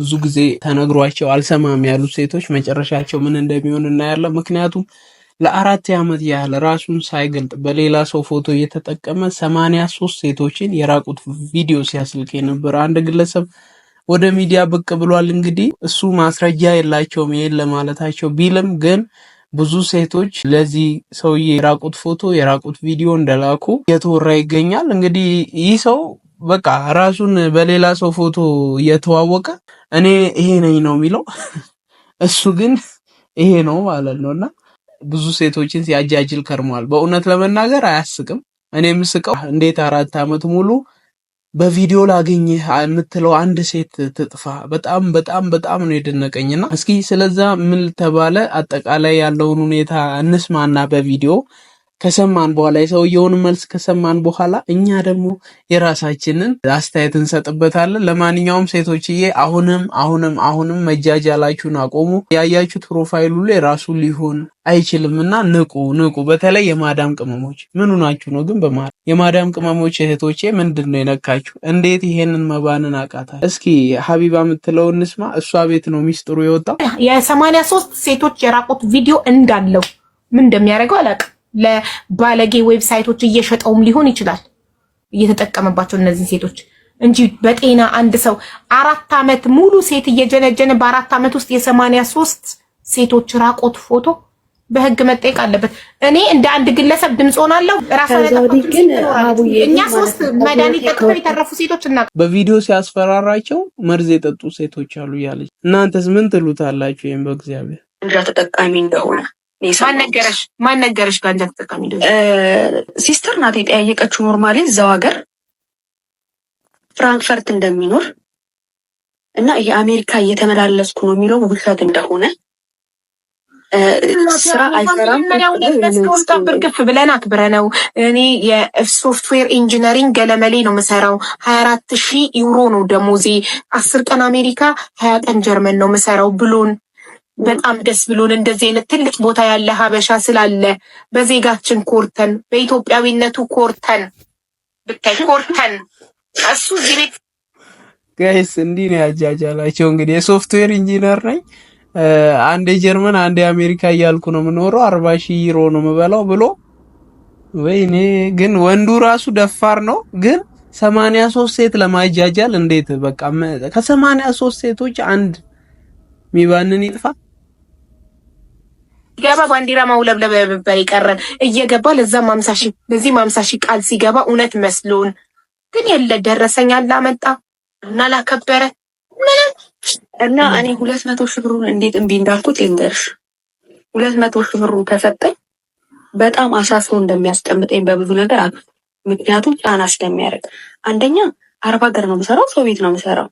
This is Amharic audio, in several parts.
ብዙ ጊዜ ተነግሯቸው አልሰማም ያሉት ሴቶች መጨረሻቸው ምን እንደሚሆን እናያለን። ምክንያቱም ለአራት ዓመት ያህል ራሱን ሳይገልጥ በሌላ ሰው ፎቶ እየተጠቀመ ሰማንያ ሶስት ሴቶችን የራቁት ቪዲዮ ሲያስልክ የነበረ አንድ ግለሰብ ወደ ሚዲያ ብቅ ብሏል። እንግዲህ እሱ ማስረጃ የላቸውም ይሄን ለማለታቸው ቢልም ግን ብዙ ሴቶች ለዚህ ሰውዬ የራቁት ፎቶ የራቁት ቪዲዮ እንደላኩ እየተወራ ይገኛል። እንግዲህ ይህ ሰው በቃ ራሱን በሌላ ሰው ፎቶ እየተዋወቀ እኔ ይሄ ነኝ ነው የሚለው። እሱ ግን ይሄ ነው ማለት ነው። እና ብዙ ሴቶችን ሲያጃጅል ከርሟል። በእውነት ለመናገር አያስቅም። እኔ የምስቀው እንዴት አራት ዓመት ሙሉ በቪዲዮ ላገኝህ የምትለው አንድ ሴት ትጥፋ። በጣም በጣም በጣም ነው የደነቀኝና እስኪ ስለዛ ምን ተባለ፣ አጠቃላይ ያለውን ሁኔታ እንስማና በቪዲዮ ከሰማን በኋላ የሰውየውን መልስ ከሰማን በኋላ እኛ ደግሞ የራሳችንን አስተያየት እንሰጥበታለን። ለማንኛውም ሴቶችዬ አሁንም አሁንም አሁንም መጃጃላችሁን አቆሙ። ያያችሁት ፕሮፋይሉ ላይ ራሱ ሊሆን አይችልም እና ንቁ ንቁ። በተለይ የማዳም ቅመሞች ምኑ ናችሁ ነው? ግን በማ የማዳም ቅመሞች እህቶቼ ምንድን ነው የነካችሁ? እንዴት ይሄንን መባንን አቃታል? እስኪ ሀቢባ የምትለው እንስማ። እሷ ቤት ነው ሚስጥሩ የወጣው። የሰማንያ ሶስት ሴቶች የራቁት ቪዲዮ እንዳለው ምን እንደሚያደርገው አላውቅም። ለባለጌ ዌብሳይቶች እየሸጠውም ሊሆን ይችላል እየተጠቀመባቸው እነዚህ ሴቶች እንጂ በጤና አንድ ሰው አራት ዓመት ሙሉ ሴት እየጀነጀነ በአራት ዓመት ውስጥ የሰማንያ ሶስት ሴቶች ራቆት ፎቶ በህግ መጠየቅ አለበት። እኔ እንደ አንድ ግለሰብ ድምፅ ሆናለሁ። እኛ ሶስት መድኃኒት ጠጥተው የተረፉ ሴቶች እና በቪዲዮ ሲያስፈራራቸው መርዝ የጠጡ ሴቶች አሉ ያለች። እናንተስ ምን ትሉታላችሁ? ይህም በእግዚአብሔር እንዳ ተጠቃሚ እንደሆነ ማነገረሽ ማነገረሽ ጋንጃ ተጠቃሚ ሲስተር ናት የጠያየቀችው። ኖርማሊ እዛው ሀገር ፍራንክፈርት እንደሚኖር እና የአሜሪካ እየተመላለስኩ ነው የሚለው ውሸት እንደሆነ ስራ አይሰራም። ብርግፍ ብለን አክብረነው እኔ የሶፍትዌር ኢንጂነሪንግ ገለመሌ ነው ምሰራው። ሀያ አራት ሺህ ዩሮ ነው ደሞዜ። አስር ቀን አሜሪካ ሀያ ቀን ጀርመን ነው ምሰራው ብሎን በጣም ደስ ብሎን እንደዚህ አይነት ትልቅ ቦታ ያለ ሀበሻ ስላለ በዜጋችን ኮርተን በኢትዮጵያዊነቱ ኮርተን ብታይ ኮርተን እሱ እዚህ ቤት ጋይስ እንዲህ ነው ያጃጃላቸው። እንግዲህ የሶፍትዌር ኢንጂነር ነኝ፣ አንዴ ጀርመን አንዴ አሜሪካ እያልኩ ነው የምኖረው፣ አርባ ሺህ ዩሮ ነው የምበላው ብሎ ወይኔ። ግን ወንዱ ራሱ ደፋር ነው ግን ሰማንያ ሶስት ሴት ለማጃጃል እንዴት በቃ ከሰማንያ ሶስት ሴቶች አንድ ሚባንን ይጥፋ። ገባ ባንዲራ ማውለብለብ ነበር የቀረን። እየገባ ለዛ ሃምሳ ሺህ ለዚህም ሃምሳ ሺህ ቃል ሲገባ እውነት መስሎን ግን የለ ደረሰኝ አላመጣ እና ላከበረ እና እኔ ሁለት መቶ ሺህ ብሩን እንዴት እምቢ እንዳልኩት ልንገርሽ። ሁለት መቶ ሺህ ብሩ ከሰጠኝ በጣም አሳስሮ እንደሚያስቀምጠኝ በብዙ ነገር አሉ። ምክንያቱም ጫና ስለሚያደርግ አንደኛ አርባ ሀገር ነው የምሰራው፣ ሰው ቤት ነው የምሰራው።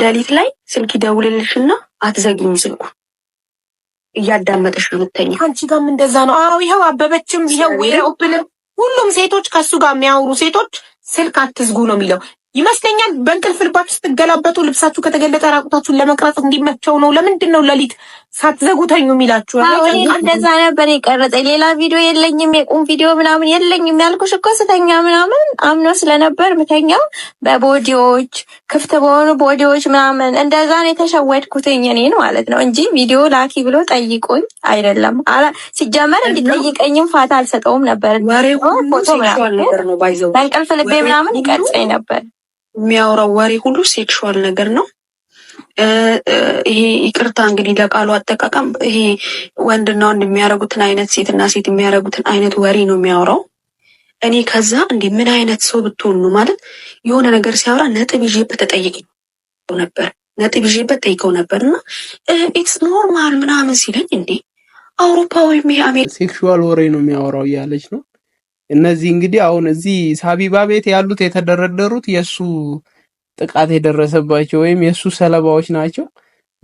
ሌሊት ላይ ስልክ ይደውልልሽና አትዘጊም ስልኩን እያዳመጠሽ ነው የምተኛ። አንቺ ጋም እንደዛ ነው? አዎ ይኸው አበበችም ይኸው ብልም ሁሉም ሴቶች ከሱ ጋር የሚያወሩ ሴቶች ስልክ አትዝጉ ነው የሚለው ይመስለኛል። በእንቅልፍ ልባችሁ ስትገላበጡ ልብሳችሁ ከተገለጠ ራቁታችሁን ለመቅረጽ እንዲመቸው ነው። ለምንድን ነው ለሊት ሳትዘጉተኙ የሚላችሁ እንደዛ ነበር የቀረጸ። ሌላ ቪዲዮ የለኝም፣ የቁም ቪዲዮ ምናምን የለኝም። ያልኩሽ እኮ ስተኛ ምናምን አምኖ ስለነበር ምተኛው በቦዲዎች ክፍት በሆኑ ቦዲዎች ምናምን እንደዛ ነው የተሸወድኩትኝ እኔን ማለት ነው እንጂ ቪዲዮ ላኪ ብሎ ጠይቁኝ አይደለም። ሲጀመር እንዲጠይቀኝም ፋታ አልሰጠውም ነበር። ፎቶ ምናምን ልቤ ምናምን ይቀርጸኝ ነበር። የሚያወራው ወሬ ሁሉ ሴክሹዋል ነገር ነው። ይሄ ይቅርታ እንግዲህ ለቃሉ አጠቃቀም ይሄ ወንድና ወንድ የሚያደርጉትን አይነት ሴትና ሴት የሚያደርጉትን አይነት ወሬ ነው የሚያወራው። እኔ ከዛ እንደ ምን አይነት ሰው ብትሆኑ ማለት የሆነ ነገር ሲያወራ ነጥብ ይዤበት ተጠይቀው ነበር ነጥብ ይዤበት ጠይቀው ነበር እና ኢትስ ኖርማል ምናምን ሲለኝ እንዴ አውሮፓ ወይም ይሄ አሜሪካ ሴክሹዋል ወሬ ነው የሚያወራው እያለች ነው። እነዚህ እንግዲህ አሁን እዚህ ሳቢባ ቤት ያሉት የተደረደሩት የእሱ ጥቃት የደረሰባቸው ወይም የእሱ ሰለባዎች ናቸው።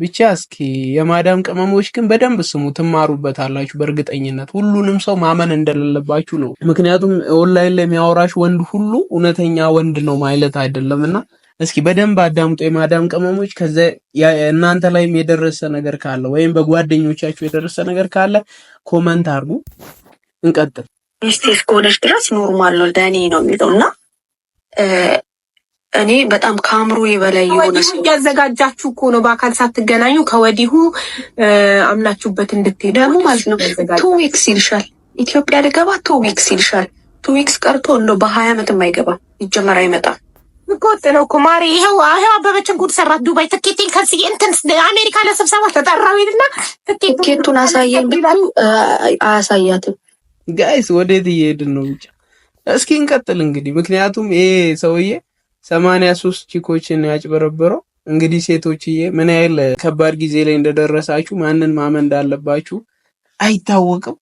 ብቻ እስኪ የማዳም ቅመሞች ግን በደንብ ስሙ፣ ትማሩበታላችሁ በእርግጠኝነት። ሁሉንም ሰው ማመን እንደሌለባችሁ ነው። ምክንያቱም ኦንላይን ላይ የሚያወራሽ ወንድ ሁሉ እውነተኛ ወንድ ነው ማለት አይደለም እና እስኪ በደንብ አዳምጦ የማዳም ቅመሞች። ከዚ እናንተ ላይም የደረሰ ነገር ካለ ወይም በጓደኞቻችሁ የደረሰ ነገር ካለ ኮመንት አድርጉ። እንቀጥል። ሚስቴ እስከሆነች ድረስ ኖርማል ነው ለእኔ ነው የሚለው እና እኔ በጣም ከአእምሮ በላይ የሆነ ሰው እያዘጋጃችሁ እኮ ነው። በአካል ሳትገናኙ ከወዲሁ አምናችሁበት እንድትሄዱ ደግሞ ማለት ነው። ቱ ዊክስ ይልሻል፣ ኢትዮጵያ ልገባ ቱ ዊክስ ይልሻል። ቱ ዊክስ ቀርቶ እንደ በሀያ ዓመትም አይገባም። ይጀመር አይመጣም ቆጥ ነው እኮ ማሪ። ይኸው ይኸው አበበችን ጉድ ሰራት። ዱባይ ትኬቴን ከዚ እንትን አሜሪካ ለስብሰባ ተጠራዊልና ትኬቱን አሳየን ብላል አያሳያትም። ጋይስ ወዴት እየሄድን ነው? ብቻ እስኪ እንቀጥል እንግዲህ ምክንያቱም ይሄ ሰውዬ ሰማንያ ሶስት ቺኮችን ያጭበረበረው። እንግዲህ ሴቶችዬ ምን ያህል ከባድ ጊዜ ላይ እንደደረሳችሁ ማንን ማመን እንዳለባችሁ አይታወቅም።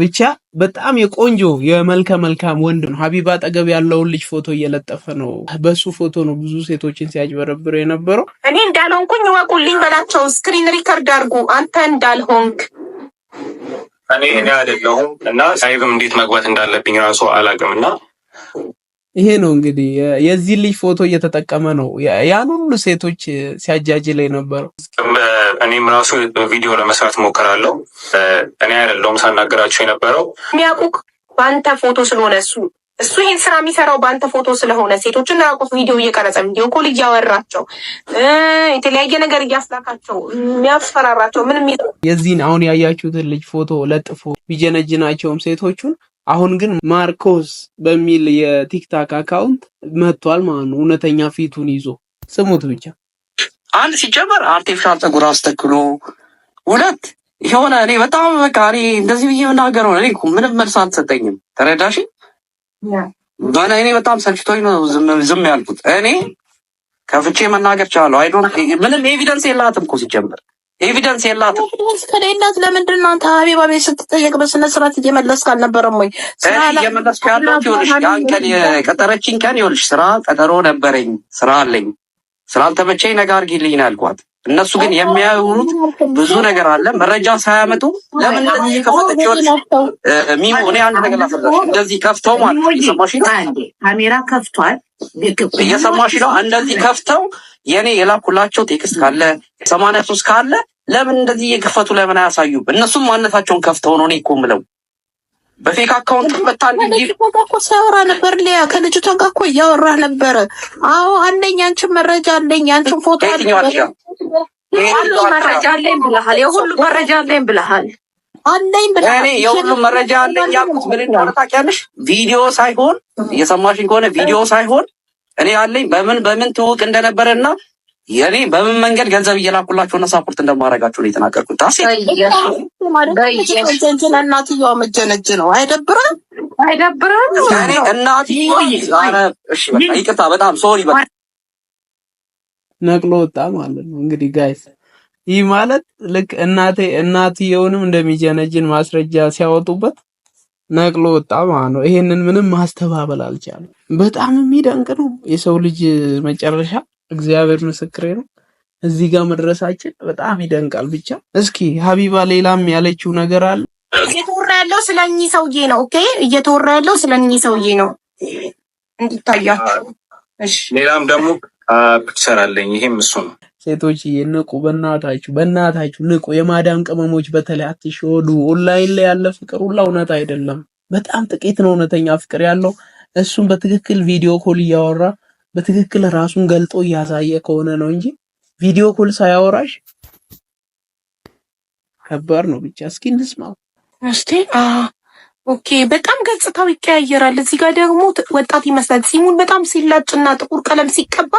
ብቻ በጣም የቆንጆ የመልከ መልካም ወንድ ነው። ሀቢባ አጠገብ ያለውን ልጅ ፎቶ እየለጠፈ ነው። በሱ ፎቶ ነው ብዙ ሴቶችን ሲያጭበረብረው የነበረው። እኔ እንዳልሆንኩኝ ወቁልኝ በላቸው። ስክሪን ሪከርድ አድርጉ። አንተ እንዳልሆንክ እኔ እኔ አይደለሁም እና ሳይብም እንዴት መግባት እንዳለብኝ ራሱ አላቅም እና ይሄ ነው እንግዲህ የዚህ ልጅ ፎቶ እየተጠቀመ ነው ያን ሁሉ ሴቶች ሲያጃጅ ላይ ነበረው። እኔም ራሱ ቪዲዮ ለመስራት ሞከራለሁ። እኔ አይደለሁም ሳናገራቸው የነበረው የሚያውቁ በአንተ ፎቶ ስለሆነ እሱ እሱ ይህን ስራ የሚሰራው በአንተ ፎቶ ስለሆነ ሴቶች እንዳያውቁት ቪዲዮ እየቀረጸ ቪዲዮ ኮል እያወራቸው የተለያየ ነገር እያስላካቸው የሚያስፈራራቸው ምን ምንም የዚህን አሁን ያያችሁትን ልጅ ፎቶ ለጥፎ ቢጀነጅናቸውም ሴቶቹን አሁን ግን ማርኮስ በሚል የቲክታክ አካውንት መጥቷል ማለት ነው። እውነተኛ ፊቱን ይዞ ስሙት ብቻ። አንድ ሲጀመር አርቲፊሻል ፀጉር አስተክሎ፣ ሁለት የሆነ እኔ በጣም በቃ እኔ እንደዚህ ብዬ የምናገረው እኔ ምንም መልስ አልሰጠኝም። ተረዳሽ? እኔ በጣም ሰልችቶኝ ነው ዝም ያልኩት። እኔ ከፍቼ መናገር ቻለሁ። ምንም ኤቪደንስ የላትም እኮ ሲጀምር ኤቪደንስ የላትም። ኤቪደንስ ከሌላት ለምንድን ነው አንተ ሀቢባ ቤት ስትጠየቅ በስነ ስርዓት እየመለስክ አልነበረም ወይ? እየመለስክ ያለት ይሆንሽ ያን ቀን የቀጠረችኝ ቀን ይሆንሽ ስራ ቀጠሮ ነበረኝ ስራ አለኝ ስላልተመቸኝ ነገ አድርጊልኝ ነው ያልኳት። እነሱ ግን የሚያወሩት ብዙ ነገር አለ። መረጃ ሳያመጡ ለምን እንደዚህ የከፈተችዎች ሚሙ እኔ አንድ ነገር ላስረዳሽ። እንደዚህ ከፍተው ማለት እየሰማሽ ካሜራ ከፍቷል፣ እየሰማሽ ነው። እንደዚህ ከፍተው የእኔ የላኩላቸው ቴክስት ካለ ሰማንያ ሶስት ካለ ለምን እንደዚህ እየከፈቱ ለምን አያሳዩም? እነሱም ማነታቸውን ከፍተው ነው እኔ እኮ የምለው በፌክ አካውንት መጣ እኮ ሲያወራ ነበር። ሊያ ከልጅቷ ጋር እኮ እያወራ ነበረ። አዎ አለኝ፣ አንቺን መረጃ አለኝ፣ አንቺን ፎቶ አለኝ፣ ሁሉ መረጃ አለኝ ብለሃል። የሁሉ መረጃ አለኝ ብለሃል አለኝ የሁሉ መረጃ አለኝ ያልኩት ምን እንደሆነ ታውቂያለሽ? ቪዲዮ ሳይሆን እየሰማሽኝ ከሆነ ቪዲዮ ሳይሆን እኔ አለኝ በምን በምን ትውቅ እንደነበረ እና የኔ በምን መንገድ ገንዘብ እየላኩላቸው እየላኩላቸውና ሳፖርት እንደማደርጋቸው ነው የተናገርኩት። ሴንትን እናትየዋ መጀነጅ ነው። አይደብርም? አይደብርም? እኔ እናት ይቅርታ፣ በጣም ሶሪ። ነቅሎ ወጣ ማለት ነው እንግዲህ ጋይስ። ይህ ማለት ልክ እናቴ እናትየውንም እንደሚጀነጅን ማስረጃ ሲያወጡበት ነቅሎ ወጣ ማለት ነው። ይሄንን ምንም ማስተባበል አልቻለም። በጣም የሚደንቅ ነው የሰው ልጅ መጨረሻ እግዚአብሔር ምስክሬ ነው። እዚህ ጋር መድረሳችን በጣም ይደንቃል። ብቻ እስኪ ሀቢባ ሌላም ያለችው ነገር አለ። እየተወራ ያለው ስለ እኚህ ሰውዬ ነው። ኦኬ፣ እየተወራ ያለው ስለ እኚህ ሰውዬ ነው እንዲታያቸው። ሌላም ደግሞ ፒክቸር አለኝ። ይሄም እሱ ነው። ሴቶች ንቁ፣ በእናታችሁ በእናታችሁ ንቁ። የማዳም ቅመሞች በተለይ አትሸወዱ። ኦንላይን ላይ ያለ ፍቅር ሁላ እውነት አይደለም። በጣም ጥቂት ነው እውነተኛ ፍቅር ያለው። እሱም በትክክል ቪዲዮ ኮል እያወራ በትክክል ራሱን ገልጦ እያሳየ ከሆነ ነው እንጂ ቪዲዮ ኮል ሳያወራሽ ከባድ ነው። ብቻ እስኪ እንስማው። እስቲ ኦኬ። በጣም ገጽታው ይቀያየራል። እዚህ ጋር ደግሞ ወጣት ይመስላል። ጺሙን በጣም ሲላጭና ጥቁር ቀለም ሲቀባ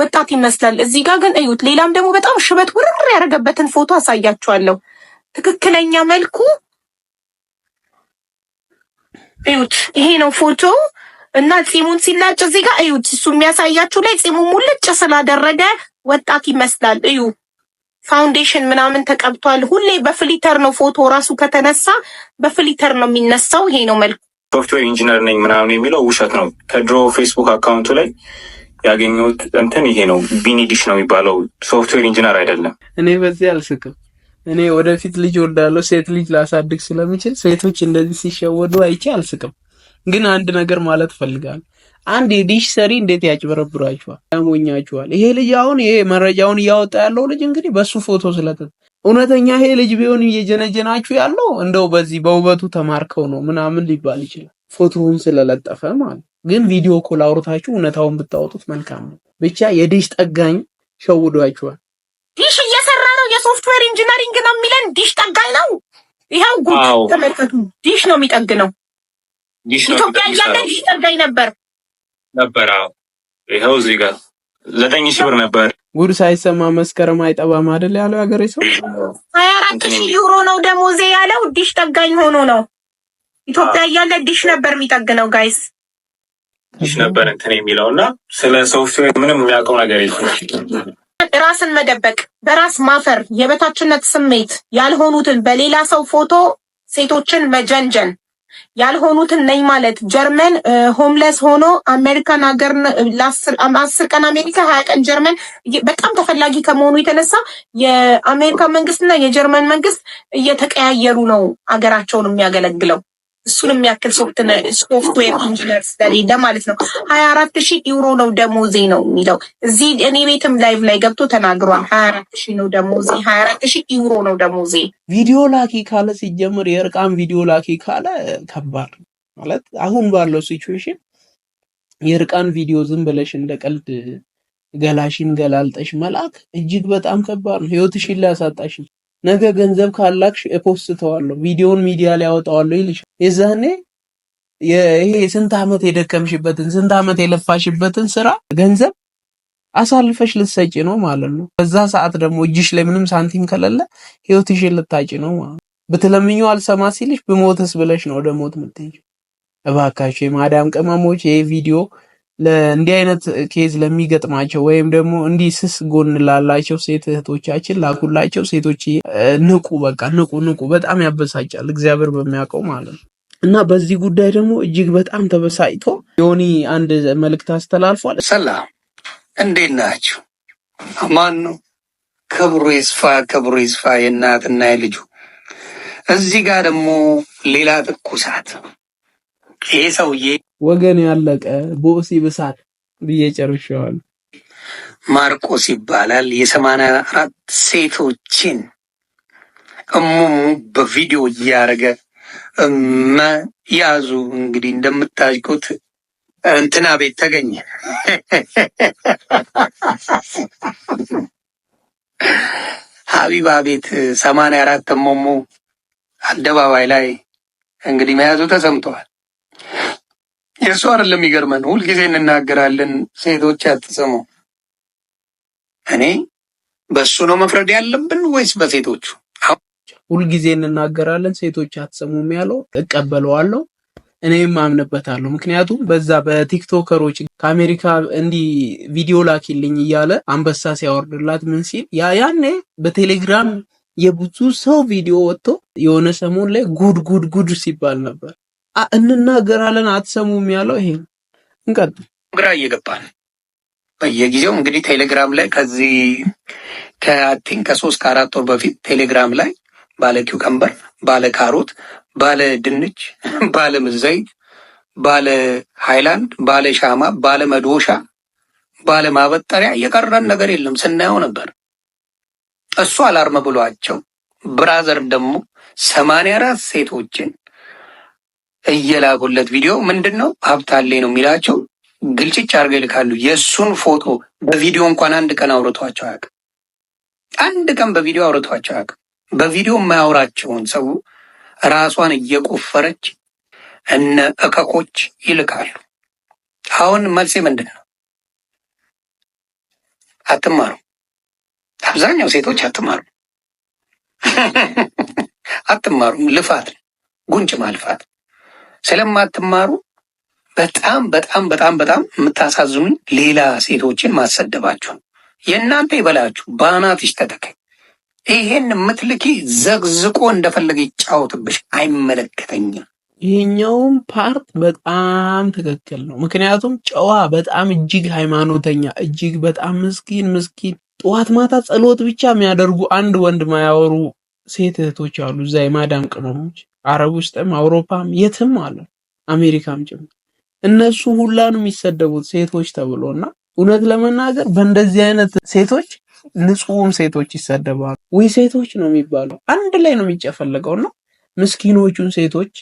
ወጣት ይመስላል። እዚህ ጋር ግን እዩት። ሌላም ደግሞ በጣም ሽበት ውርር ያደረገበትን ፎቶ አሳያችኋለሁ። ትክክለኛ መልኩ እዩት። ይሄ ነው ፎቶ እና ፂሙን ሲላጭ እዚህ ጋር እዩ፣ እሱ የሚያሳያችሁ ላይ ፂሙ ሙልጭ ስላደረገ ወጣት ይመስላል። እዩ ፋውንዴሽን ምናምን ተቀብቷል። ሁሌ በፍሊተር ነው ፎቶ ራሱ ከተነሳ በፍሊተር ነው የሚነሳው። ይሄ ነው መልኩ። ሶፍትዌር ኢንጂነር ነኝ ምናምን የሚለው ውሸት ነው። ከድሮ ፌስቡክ አካውንቱ ላይ ያገኘሁት እንትን ይሄ ነው። ቢኒዲሽ ነው የሚባለው። ሶፍትዌር ኢንጂነር አይደለም። እኔ በዚህ አልስቅም። እኔ ወደፊት ልጅ ወልዳለሁ፣ ሴት ልጅ ላሳድግ ስለምችል ሴቶች እንደዚህ ሲሸወዱ አይቼ አልስቅም። ግን አንድ ነገር ማለት ፈልጋል። አንድ የዲሽ ሰሪ እንዴት ያጭበረብራችኋል፣ ያሞኛችኋል። ይሄ ልጅ አሁን ይሄ መረጃውን እያወጣ ያለው ልጅ እንግዲህ በሱ ፎቶ ስለተ እውነተኛ ይሄ ልጅ ቢሆን እየጀነጀናችሁ ያለው እንደው በዚህ በውበቱ ተማርከው ነው ምናምን ሊባል ይችላል፣ ፎቶውን ስለለጠፈ ማለት። ግን ቪዲዮ ኮል አውርታችሁ እውነታውን ብታወጡት መልካም ነው። ብቻ የዲሽ ጠጋኝ ሸውዷችኋል። ዲሽ እየሰራ ነው፣ የሶፍትዌር ኢንጂነሪንግ ነው የሚለን ዲሽ ጠጋኝ ነው። ይኸው ጉድ ተመልከቱ። ዲሽ ነው የሚጠግነው ኢትዮጵያ እያለን ጠጋኝ ነበር ነበር። አዎ ይኸው እዚህ ጋር ዘጠኝ ሺህ ብር ነበር። ጉድ ሳይሰማ መስከረም አይጠባም አይደል ያለው የሀገሬ ሰው። ሀያ አራት ሺህ ዩሮ ነው ደሞዜ ያለው ዲሽ ጠጋኝ ሆኖ ነው። ኢትዮጵያ እያለ ዲሽ ነበር የሚጠግነው ጋይስ ነበር እንትን የሚለው እና ስለ ሶፍትዌር ምንም የሚያውቀው ነገር የለም። ራስን መደበቅ፣ በራስ ማፈር፣ የበታችነት ስሜት፣ ያልሆኑትን በሌላ ሰው ፎቶ ሴቶችን መጀንጀን ያልሆኑትን ነኝ ማለት ጀርመን ሆምለስ ሆኖ አሜሪካን ሀገር አስር ቀን አሜሪካ ሀያ ቀን ጀርመን በጣም ተፈላጊ ከመሆኑ የተነሳ የአሜሪካ መንግስትና የጀርመን መንግስት እየተቀያየሩ ነው ሀገራቸውን የሚያገለግለው። እሱን የሚያክል ሶፍትዌር ኢንጂነር ስለሌለ ማለት ነው። ሀያ አራት ሺህ ዩሮ ነው ደሞዜ ነው የሚለው እዚህ እኔ ቤትም ላይቭ ላይ ገብቶ ተናግሯል። ሀያ አራት ሺህ ነው ደሞዜ፣ ሀያ አራት ሺህ ዩሮ ነው ደሞዜ። ቪዲዮ ላኪ ካለ ሲጀምር የእርቃን ቪዲዮ ላኪ ካለ ከባድ ማለት አሁን ባለው ሲቹዌሽን የእርቃን ቪዲዮ ዝም ብለሽ እንደ ቀልድ ገላሽን ገላልጠሽ መላክ እጅግ በጣም ከባድ ነው። ህይወትሽን ላያሳጣሽ ነገ ገንዘብ ካላክሽ እፖስተዋለሁ፣ ቪዲዮን ሚዲያ ላይ አወጣዋለሁ ይልሽ። የዛኔ ይሄ ስንት ዓመት የደከምሽበትን ስንት ዓመት የለፋሽበትን ስራ ገንዘብ አሳልፈሽ ልትሰጪ ነው ማለት ነው። በዛ ሰዓት ደግሞ እጅሽ ላይ ምንም ሳንቲም ከሌለ ህይወትሽን ልታጪ ነው ማለት ነው። ብትለምኚው አልሰማ ሲልሽ ብሞተስ ብለሽ ነው ወደ ሞት የምትሄጂው። እባካችሁ የማዳም ቅመሞች ይሄ ቪዲዮ እንዲህ አይነት ኬዝ ለሚገጥማቸው ወይም ደግሞ እንዲህ ስስ ጎን ላላቸው ሴት እህቶቻችን ላኩላቸው። ሴቶች ንቁ፣ በቃ ንቁ፣ ንቁ። በጣም ያበሳጫል፣ እግዚአብሔር በሚያውቀው ማለት ነው። እና በዚህ ጉዳይ ደግሞ እጅግ በጣም ተበሳጭቶ ዮኒ አንድ መልእክት አስተላልፏል። ሰላም፣ እንዴት ናችሁ? ማን ነው። ክብሩ ይስፋ፣ ክብሩ ይስፋ የእናትና የልጁ እዚህ ጋር ደግሞ ሌላ ትኩሳት ይሄ ሰውዬ ወገን ያለቀ ቦስ ይብሳል ብዬ ጨርሼዋለሁ። ማርቆስ ይባላል። የሰማንያ አራት ሴቶችን እሙሙ በቪዲዮ እያደረገ መያዙ እንግዲህ እንደምታውቁት እንትና ቤት ተገኘ። ሀቢባ ቤት ሰማንያ አራት እሙሙ አደባባይ ላይ እንግዲህ መያዙ ተሰምተዋል። የእሱ አይደለም የሚገርመን። ሁልጊዜ እንናገራለን፣ ሴቶች አትሰሙ። እኔ በእሱ ነው መፍረድ ያለብን ወይስ በሴቶቹ? ሁልጊዜ እንናገራለን፣ ሴቶች አትሰሙም ያለው እቀበለዋለሁ፣ እኔም አምንበታለሁ። ምክንያቱም በዛ በቲክቶከሮች ከአሜሪካ እንዲህ ቪዲዮ ላኪልኝ እያለ አንበሳ ሲያወርድላት ምን ሲል ያኔ በቴሌግራም የብዙ ሰው ቪዲዮ ወጥቶ የሆነ ሰሞን ላይ ጉድ ጉድ ጉድ ሲባል ነበር። እንናገራለን አትሰሙም ያለው ይሄ እንቀጥል። ግራ እየገባን በየጊዜው እንግዲህ ቴሌግራም ላይ ከዚህ ከአቲን ከሶስት ከአራት ወር በፊት ቴሌግራም ላይ ባለ ኪውከምበር፣ ባለ ካሮት፣ ባለ ድንች፣ ባለ ምዘይት፣ ባለ ሃይላንድ፣ ባለ ሻማ፣ ባለ መዶሻ፣ ባለ ማበጠሪያ የቀረን ነገር የለም ስናየው ነበር። እሱ አላርም ብሏቸው ብራዘር ደግሞ ሰማንያ አራት ሴቶችን እየላኩለት ቪዲዮ ምንድን ነው ሀብታሌ ነው የሚላቸው ግልጭጭ አድርገው ይልካሉ። የእሱን ፎቶ በቪዲዮ እንኳን አንድ ቀን አውርቷቸው አያውቅም። አንድ ቀን በቪዲዮ አውርቷቸው አያውቅም። በቪዲዮ የማያውራቸውን ሰው ራሷን እየቆፈረች እነ እከኮች ይልካሉ። አሁን መልሴ ምንድን ነው? አትማሩ። አብዛኛው ሴቶች አትማሩ፣ አትማሩም። ልፋት ነው፣ ጉንጭ ማልፋት ስለማትማሩ በጣም በጣም በጣም በጣም የምታሳዝኑኝ ሌላ ሴቶችን ማሰደባችሁ የእናንተ ይበላችሁ፣ በአናት ተተከኝ። ይሄን ምትልኪ ዘግዝቆ እንደፈለገ ይጫወትብሽ፣ አይመለከተኝም። ይህኛውም ፓርት በጣም ትክክል ነው። ምክንያቱም ጨዋ በጣም እጅግ ሃይማኖተኛ እጅግ በጣም ምስኪን ምስኪን ጠዋት ማታ ጸሎት ብቻ የሚያደርጉ አንድ ወንድ ማያወሩ ሴት እህቶች አሉ እዛ የማዳም ቅመሞች አረብ ውስጥም አውሮፓም የትም አለ አሜሪካም ጭምር እነሱ ሁላንም የሚሰደቡት ሴቶች ተብሎ እና እውነት ለመናገር በእንደዚህ አይነት ሴቶች ንጹህም ሴቶች ይሰደባሉ ወይ ሴቶች ነው የሚባለው አንድ ላይ ነው የሚጨፈለቀው ነው ምስኪኖቹን ሴቶች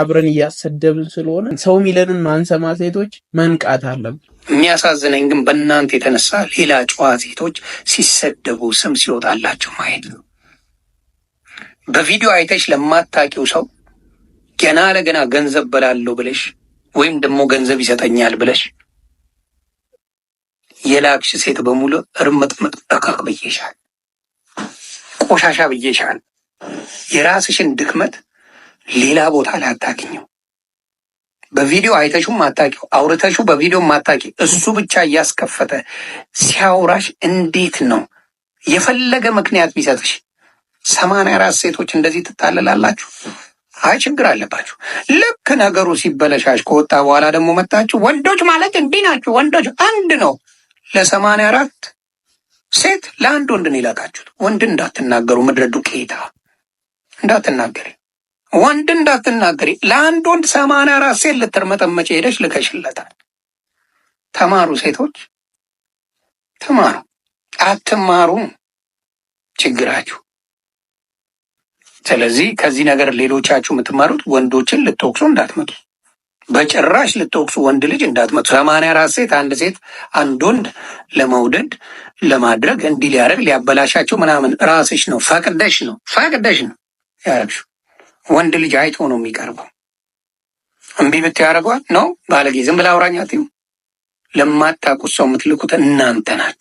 አብረን እያሰደብን ስለሆነ ሰው ሚለንን ማንሰማ ሴቶች መንቃት አለብን። የሚያሳዝነኝ ግን በእናንተ የተነሳ ሌላ ጨዋ ሴቶች ሲሰደቡ ስም ሲወጣላቸው ማየት ነው። በቪዲዮ አይተሽ ለማታቂው ሰው ገና ለገና ገንዘብ በላለው ብለሽ ወይም ደግሞ ገንዘብ ይሰጠኛል ብለሽ የላክሽ ሴት በሙሉ እርምጥምጥ ጠቀቅ ብዬሻል፣ ቆሻሻ ብዬሻል። የራስሽን ድክመት ሌላ ቦታ ላይ አታገኘው። በቪዲዮ አይተሹ ማታቂው አውርተሹ በቪዲዮ ማታቂ እሱ ብቻ እያስከፈተ ሲያውራሽ እንዴት ነው የፈለገ ምክንያት ቢሰጥሽ ሰማንያ አራት ሴቶች እንደዚህ ትታለላላችሁ። አይ ችግር አለባችሁ። ልክ ነገሩ ሲበለሻሽ ከወጣ በኋላ ደግሞ መጣችሁ። ወንዶች ማለት እንዲህ ናችሁ፣ ወንዶች አንድ ነው። ለሰማንያ አራት ሴት ለአንድ ወንድ ነው ወንድ እንዳትናገሩ፣ ምድረ ዱቄታ እንዳትናገሪ፣ ወንድ እንዳትናገሪ። ለአንድ ወንድ ሰማንያ አራት ሴት ልትርመጠመጭ ሄደች ልከሽለታል። ተማሩ ሴቶች ተማሩ። አትማሩም ችግራችሁ ስለዚህ ከዚህ ነገር ሌሎቻችሁ የምትማሩት ወንዶችን ልትወቅሱ እንዳትመጡ፣ በጭራሽ ልትወቅሱ ወንድ ልጅ እንዳትመጡ። ሰማንያ አራት ሴት አንድ ሴት አንድ ወንድ ለመውደድ ለማድረግ እንዲህ ሊያደርግ ሊያበላሻቸው ምናምን ራስሽ ነው ፈቅደሽ ነው ፈቅደሽ ነው ያደረግሽው። ወንድ ልጅ አይቶ ነው የሚቀርበው። እምቢ ብት ያደረጓል ነው ባለጌ ዝም ብላ አውራኛት ለማታውቁት ሰው የምትልኩት እናንተ ናት።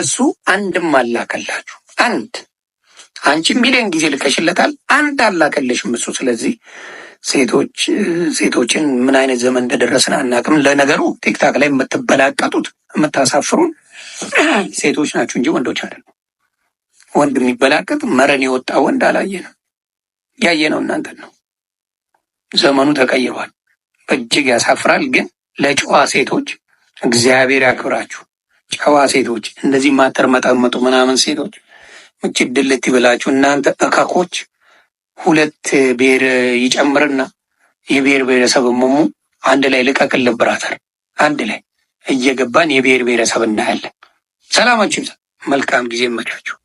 እሱ አንድም አላከላችሁ አንድ አንቺ ሚሊዮን ጊዜ ልከሽለታል፣ አንድ አላከለሽም እሱ። ስለዚህ ሴቶች ሴቶችን ምን አይነት ዘመን እንደደረስን አናቅም። ለነገሩ ቲክታክ ላይ የምትበላቀጡት የምታሳፍሩን ሴቶች ናችሁ እንጂ ወንዶች አይደለም። ወንድ የሚበላቀጥ መረን የወጣ ወንድ ያየ ያየነው እናንተን ነው። ዘመኑ ተቀይሯል። እጅግ ያሳፍራል። ግን ለጨዋ ሴቶች እግዚአብሔር ያክብራችሁ። ጨዋ ሴቶች እንደዚህ ማተር መጠመጡ ምናምን ሴቶች እች ድልት ይበላችሁ እናንተ እካኮች። ሁለት ብሔር ይጨምርና የብሔር ብሔረሰብ ሙሙ አንድ ላይ ልቀቅል ብራታል። አንድ ላይ እየገባን የብሔር ብሔረሰብ እናያለን። ሰላማችሁ ይብዛ። መልካም ጊዜ መቻችሁ።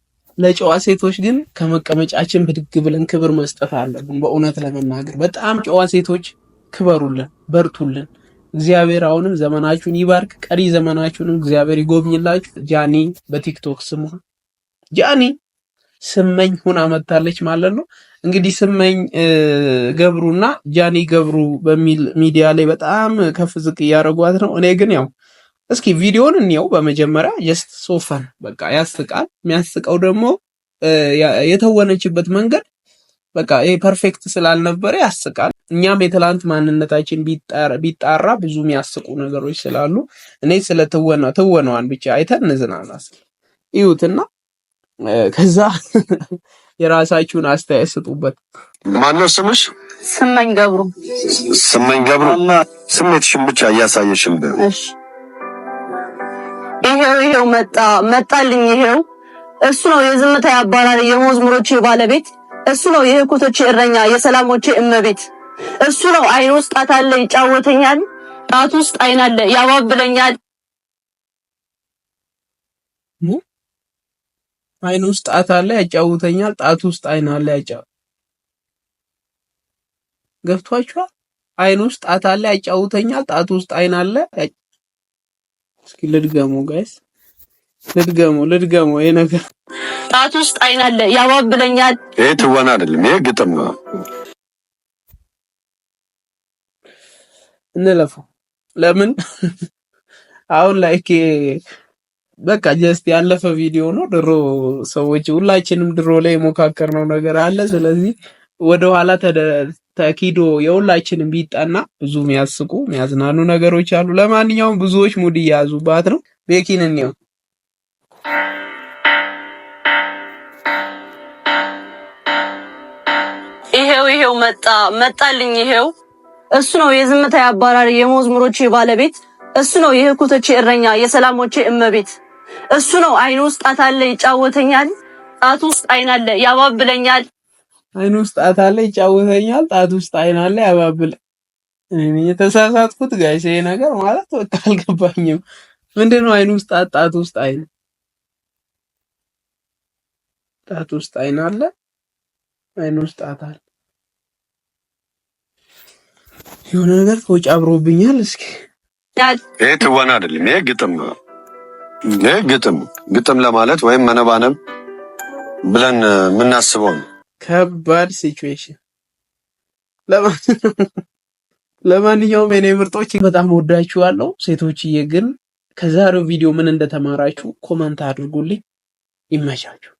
ለጨዋ ሴቶች ግን ከመቀመጫችን ብድግ ብለን ክብር መስጠት አለብን። በእውነት ለመናገር በጣም ጨዋ ሴቶች ክበሩልን፣ በርቱልን። እግዚአብሔር አሁንም ዘመናችሁን ይባርክ። ቀሪ ዘመናችሁንም እግዚአብሔር ይጎብኝላችሁ። ጃኒ በቲክቶክ ስሟ ጃኒ ስመኝ ሁና መታለች ማለት ነው። እንግዲህ ስመኝ ገብሩና ጃኒ ገብሩ በሚል ሚዲያ ላይ በጣም ከፍ ዝቅ እያደረጓት ነው። እኔ ግን ያው እስኪ ቪዲዮን እንየው በመጀመሪያ ጀስት ሶፈን በቃ ያስቃል። የሚያስቀው ደግሞ የተወነችበት መንገድ በቃ ይሄ ፐርፌክት ስላልነበረ ያስቃል። እኛም የትላንት ማንነታችን ቢጣራ ብዙ የሚያስቁ ነገሮች ስላሉ እኔ ስለ ትወና ትወናዋን ብቻ አይተን እንዝናናስ ይዩትና ከዛ የራሳችሁን አስተያየት ስጡበት። ማነው ስምሽ? ስመኝ ገብሩ። ስመኝ ገብሩ፣ ስሜትሽን ብቻ እያሳየሽን ብ ይሄው ይሄው መጣ መጣልኝ። ይሄው እሱ ነው የዝምታ ያባላል የሞዝሙሮች ባለቤት እሱ ነው የህኮቶቼ እረኛ የሰላሞች እመቤት እሱ ነው አይን ውስጥ ጣት አለ ይጫወተኛል፣ ጣት ውስጥ አይን አለ ያባብለኛል። አይን ውስጥ ጣት አለ ያጫውተኛል፣ ጣት ውስጥ አይን አለ ያጫው ገብቷችኋል? አይን ውስጥ ጣት አለ ያጫውተኛል፣ ጣት ውስጥ አይን አለ። እስኪ ልድገሙ ጋይስ፣ ልድገሙ፣ ልድገሙ። ይሄ ነገር ጣት ውስጥ አይን አለ ያባብለኛል። ይሄ ትወና አይደለም፣ ይሄ ግጥም ነው። እንለፈው። ለምን አሁን ላይ በቃ ጀስት ያለፈ ቪዲዮ ነው። ድሮ ሰዎች ሁላችንም ድሮ ላይ የሞካከርነው ነገር አለ። ስለዚህ ወደኋላ ተኪዶ የሁላችንም ቢጠና ብዙ የሚያስቁ የሚያዝናኑ ነገሮች አሉ። ለማንኛውም ብዙዎች ሙድ እያያዙባት ነው። ቤኪን እንየው። ይሄው ይሄው መጣ መጣልኝ። ይሄው እሱ ነው የዝምታ አባራሪ የመዝሙሮቼ ባለቤት እሱ ነው የህኩቶቼ እረኛ የሰላሞቼ እመቤት እሱ ነው። አይኑ ውስጥ ጣት አለ ይጫወተኛል፣ ጣት ውስጥ አይን አለ ያባብለኛል። አይኑ ውስጥ ጣት አለ ይጫወተኛል፣ ጣት ውስጥ አይን አለ ያባብለ እኔ የተሳሳትኩት ጋይስ ይሄ ነገር ማለት በቃ አልገባኝም። ምንድን ነው አይኑ ውስጥ ጣት፣ ጣት ውስጥ አይን፣ ጣት ውስጥ አይን አለ፣ አይኑ ውስጥ ጣት አለ። የሆነ ነገር ተወጫ አብሮብኛል። እስኪ ይሄ ትወና አይደለም፣ ይሄ ግጥም ነው። ይህ ግጥም ግጥም ለማለት ወይም መነባነብ ብለን የምናስበው ነው። ከባድ ሲቹዌሽን። ለማንኛውም የኔ ምርጦች በጣም ወዳችኋለሁ። ሴቶችዬ ግን ከዛሬው ቪዲዮ ምን እንደተማራችሁ ኮመንት አድርጉልኝ። ይመቻችሁ።